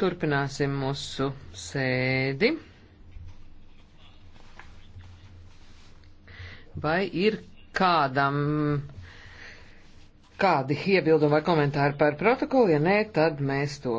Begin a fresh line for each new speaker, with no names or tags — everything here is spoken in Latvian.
Turpināsim mūsu sēdi. Vai ir kādam kādi iebildumi vai komentāri par protokolu? Ja nē, tad mēs to